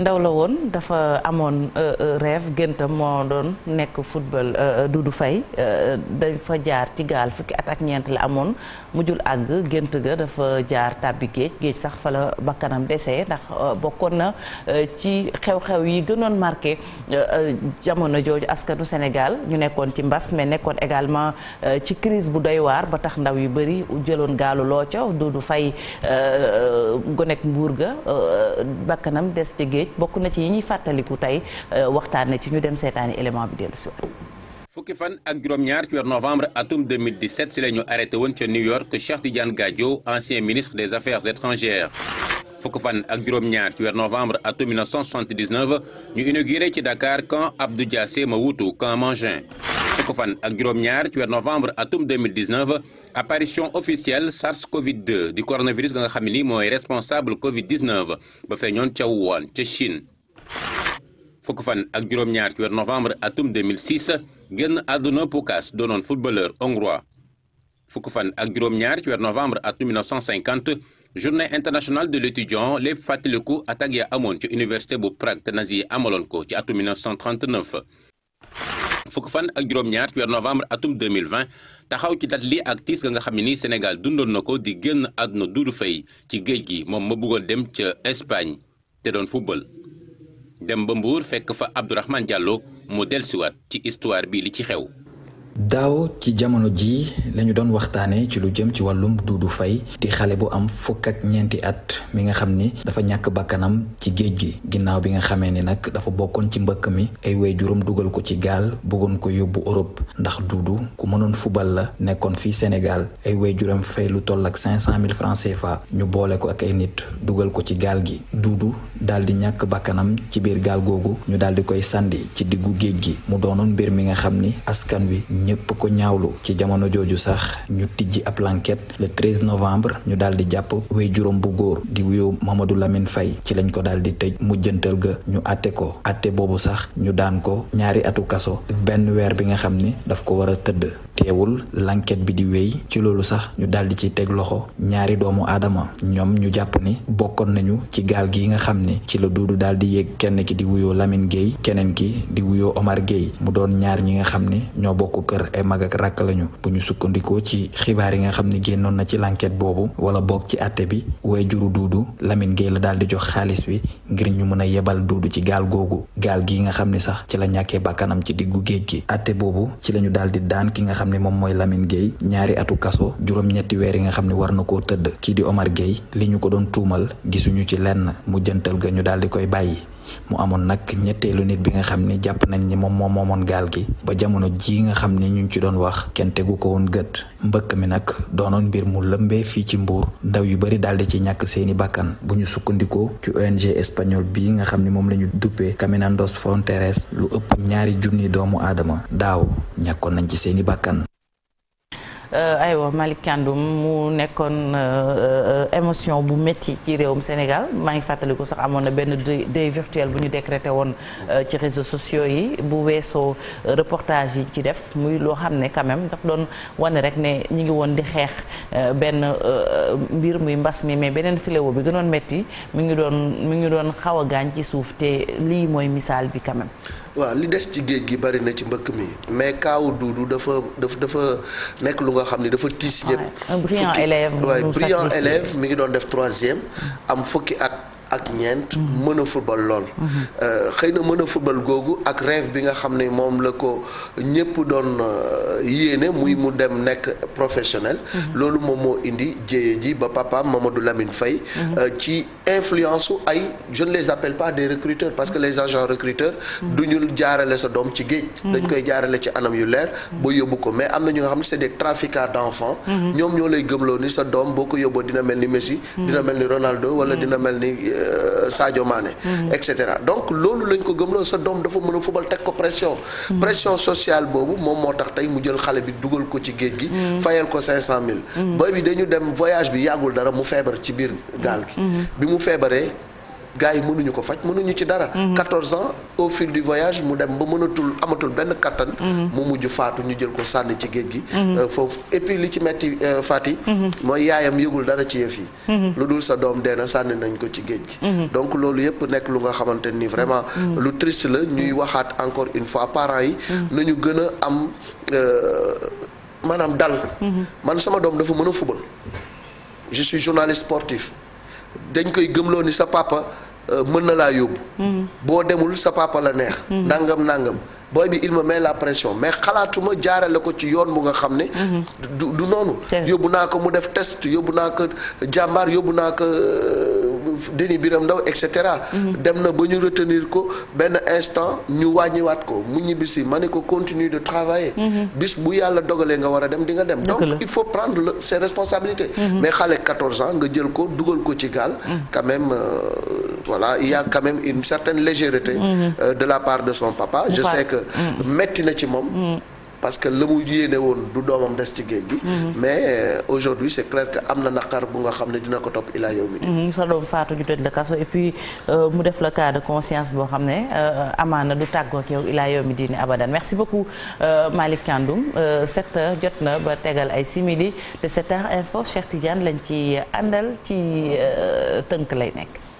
ndaw la woon dafa amoon euh, euh, rêve géntam moo doon nekk football euh, du Faye dañ dafa jaar ci gaal fukki at ak ñeent la amoon mujjul àgg gént ga dafa jaar tàbbi géej géej sax fa la bakkanam desee ndax bokkoon na ci xew-xew yi gënoon marqué jamono jooju askanu Sénégal ñu nekkoon ci mbas mais nekkoon également ci crise bu doy waar ba tax ndaw yu bëri jëloon gaalu looco Doudou Faye gonek mbuur ga bakkanam des ci géej géej bokk na ci yi ñuy fàttaliku tey euh, waxtaane ci ñu dem seetaani élément bi dellu si waat fukki fan ak juróom-ñaar ci weer novembre atum 2017 si la ñu arrêté woon ca New York Cheikh Tidiane Gadio ancien ministre des affaires étrangères fukki fan ak juróom-ñaar ci weer novembre atum 1979 ñu inauguré ci Dakar camp Abdou Diassé ma wuutu camp Mangin ko fan ak juróom-ñaar ci weer novembre atum 2019 apparition officielle SARS-CoV-2 di coronavirus nga xam ne nii mooy responsable Covid-19 ba feeñoon ca Wuhan ca Chine. fukk fan ak juróom-ñaar weer novembre atum 2006 génn àdduna Pukas doonoon footballeur hongrois. fukk fan ak juróom-ñaar ci weer novembre atum 1950 journée internationale de l'étudiant lépp fàttaliku attaque ya amoon ci université bu Prague te nazi yi amaloon ko ci atum 1939. fukk fan ak juróom-ñaar ci weer novembre atum 2020 taxaw ci dat li ak tiis ga nga xam ne nii Sénégal dundoon na ko di génn àdduna Doudou Faye ci géej gi moom ma bëggoon dem ca Espagne te doon football dem ba Mbour fekk fa Abdourahmane Diallo mu dellusiwaat ci histoire bi li ci xew daaw ci jamono ji lañu doon waxtaane ci lu jëm ci wàllum Duudu Fay di xale bu am fukk ak ñeenti at mi nga xam ni dafa ñàkk bakkanam ci géej gi ginnaaw bi nga xamee ni nag dafa bokkoon ci mbëkk mi ay waajuram dugal ko ci gaal bëggoon ko yóbbu Europe ndax Duudu ku mënoon fubal la nekkoon fii Sénégal ay waajuram fay lu toll ak cinq cent mille francs CFA ñu boole ko ak ay nit dugal ko ci gaal gi Duudu daal di ñàkk bakkanam ci biir gaal googu ñu daal di koy sàndi ci diggu géej gi mu doonoon mbir mi nga xam ni askan wi ñëpp ko ñaawlu ci jamono jooju sax ñu tijji ab l'enquête le 13 novembre ñu daal di jàpp wéy juróom bu góor di wuyoo Mamadou Lamine Faye ci lañ ko daal di tëj mujjantal ga ñu àtte ko àtte boobu sax ñu daan ko ñaari atu kaso ak benn weer bi nga xam ni daf ko war a tëdd teewul l'enquête bi di wéy ci loolu sax ñu daldi ci teg loxo ñaari doomu aadama ñoom ñu jàpp ni bokkoon nañu ci gaal gi nga xam ni ci la duudu daal di yéeg kenn ki di wuyoo Lamine Gueye keneen ki di wuyoo Omar Gueye mu doon ñaar ñi nga xam ni ñoo bokk kër ay mag ak rakk lañu bu ñu sukkandikoo ci xibaar yi nga xam ni génnoon na ci l'enquête boobu wala bokk ci àtte bi waaye juru duudu lamin Gueye la daal di jox xaalis bi ngir ñu mën a yebal duudu ci gaal googu gaal gi nga xam ni sax ci la ñàkkee bakkanam ci diggu géej gi àtte boobu ci lañu ne moom mooy lamin géey ñaari atu kaso juróom-ñetti weer yi nga xam ne war na koo tëdd kii di Omar Gueye li ñu ko doon tuumal gisuñu ci lenn mu jëntal ga ñu daal di koy bàyyi mu amoon nag ñetteelu nit bi nga xam ni jàpp nañ ni moom moo moomoon gaal gi ba jamono ji nga xam ni ñu ngi ci doon wax kenn tegu ko woon gët mbëkk mi nag doonoon mbir mu lëmbee fii ci mbuur ndaw yu bari daldi ci ñàkk seeni bàkkan bu ñu sukkandiku ci ONG espagnol bii nga xam ni moom lañu duppee Caminandos Fronteras lu ëpp ñaari junni doomu aadama daaw ñàkkoon nañ ci seeni bàkkan Euh, aywa Malick Kandoum mu nekkoon euh, euh, émotion bu métti ci réewum Sénégal maa ngi fàttaliku sax amoon na benn deuil virtuel bu ñu décrété woon ci réseau sociaux yi bu weesoo reportage yi ci def muy loo xam ne quand même daf doon wane rek ne ñu ngi woon di xeex benn mbir muy mbas mi mais beneen filéwo bi gënoon métti mi ngi doon mi ngi doon xaw a gaañ ci suuf te lii mooy misaal bi quand même. waaw li des ci géej gi bari na ci mbëkk mi mais kaawu Duudu dafa dafa dafa nekk lu nga nga xam ni dafa tiis ñëpp. un brillant élève. waaw mi ngi doon def troisième am fukki at. ak ñeent. mën a football lool. Euh, xëy na mën a football googu ak rêve bi nga xam ne moom la ko ñëpp doon euh, yéene muy mu dem nekk professionnel. loolu moom moo indi jéye ji ba papa Mamadou Lamine Faye. Euh, ci influence su ay je ne les appelle pas des recruteurs parce que les agents recruteurs. du ñu jaarale sa doom ci géej. dañ koy jaarale ci anam yu leer. ba yóbbu ko mais am na ñu nga xam ne c'est des trafiquants d'enfants. Mhm. ñoom ñoo lay gëmloo ni sa doom boo ko dina mel ni. Euh, Sadio Mané. et cetera donc loolu lañ ko gëmloo sa doom dafa mën a fubal teg ko pression. pression sociale boobu moom moo tax tey mu jël xale bi dugal ko ci géej gi. fayal ko 500000. booy bi dañu dem voyage bi yàggul dara mu feebar ci biir gaal gi. bi mu feebaree. gars yi mënuñu ko faj mënuñu ci dara. 14 mhm. ans au fil du voyage mu dem ba mënatul amatul benn kattan. Mhm. mu mujj faatu ñu jël ko sànni ci géej gi. Mhm. Euh, foofu et li ci metti euh, Fati. mooy yaayam yëgul dara ci yëf yi. lu dul sa doom dee na sànni nañ ko ci géej gi. donc loolu yëpp nekk lu nga xamante ni vraiment. lu triste la ñuy waxaat encore une fois parents yi. nañu gën a am euh, maanaam dal. man sama doom dafa mën a fubal. je suis journaliste sportif. dañ koy gëmloo ni sa papa euh, mën na laa yóbbu. Mm. boo demul sa papa la neex. Mm. nangam nangam booy bi il me la pression mais xalaatuma jaarale ko ci yoon bu nga xam ne. Mm-hmm. du du noonu. yóbbu naa ko mu def test yóbbu naa ko jàmbaar yóbbu naa ko. Euh, Déni Biram Ndaw et cetera. Mhm. dem na ba ñu retenir ko benn instant ñu wàññiwaat ko mu ñibbisi ma ne ko continue de travailler. Mhm. bis bu yàlla dogalee nga war a dem di nga dem. donc il faut prendre ses responsabilités. Mhm. mais xale 14 ans nga jël ko dugal ko ci gaal. quand même euh, voilà il a quand une certaine légèreté. Euh, de la part de son papa. je sais que metti na ci moom. parce que la mu yéene woon du doomam des ci géej gi. Mhm. mais euh, aujourd'hui c'est clair que am na naqar bu nga xam ne dina ko topp ilaa yow mi di. Mhm, sa doom faatu ñu tëj la kaso et puis euh, mu def la cas de conscience boo xam ne euh, amaana du tàggoo ak yow ilaa yow mi di ne abadan merci beaucoup Malick Thiandoum 7 jot na ba tegal ay simili te 7h info Cheikh Tidiane lañ ci àndal ci tënk lay nekk.